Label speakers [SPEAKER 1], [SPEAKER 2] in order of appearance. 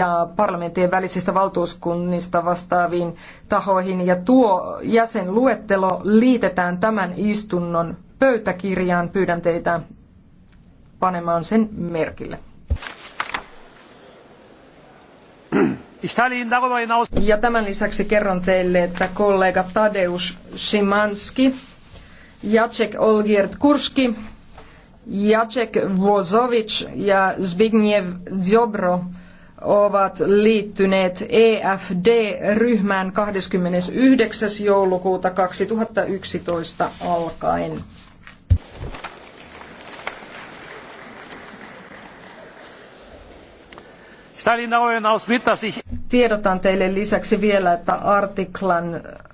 [SPEAKER 1] ja parlamenttien välisistä valtuuskunnista vastaaviin tahoihin ja tuo jäsenluettelo liitetään tämän istunnon pöytäkirjaan. Pyydän teitä panemaan sen merkille. Ja tämän lisäksi kerron teille, että kollega Tadeusz Szymanski, Jacek Olgierd Kurski, Jacek Wozowicz ja Zbigniew Ziobro – ovat liittyneet EFD-ryhmään 29. joulukuuta 2011 alkaen. Tiedotan teille lisäksi vielä, että artiklan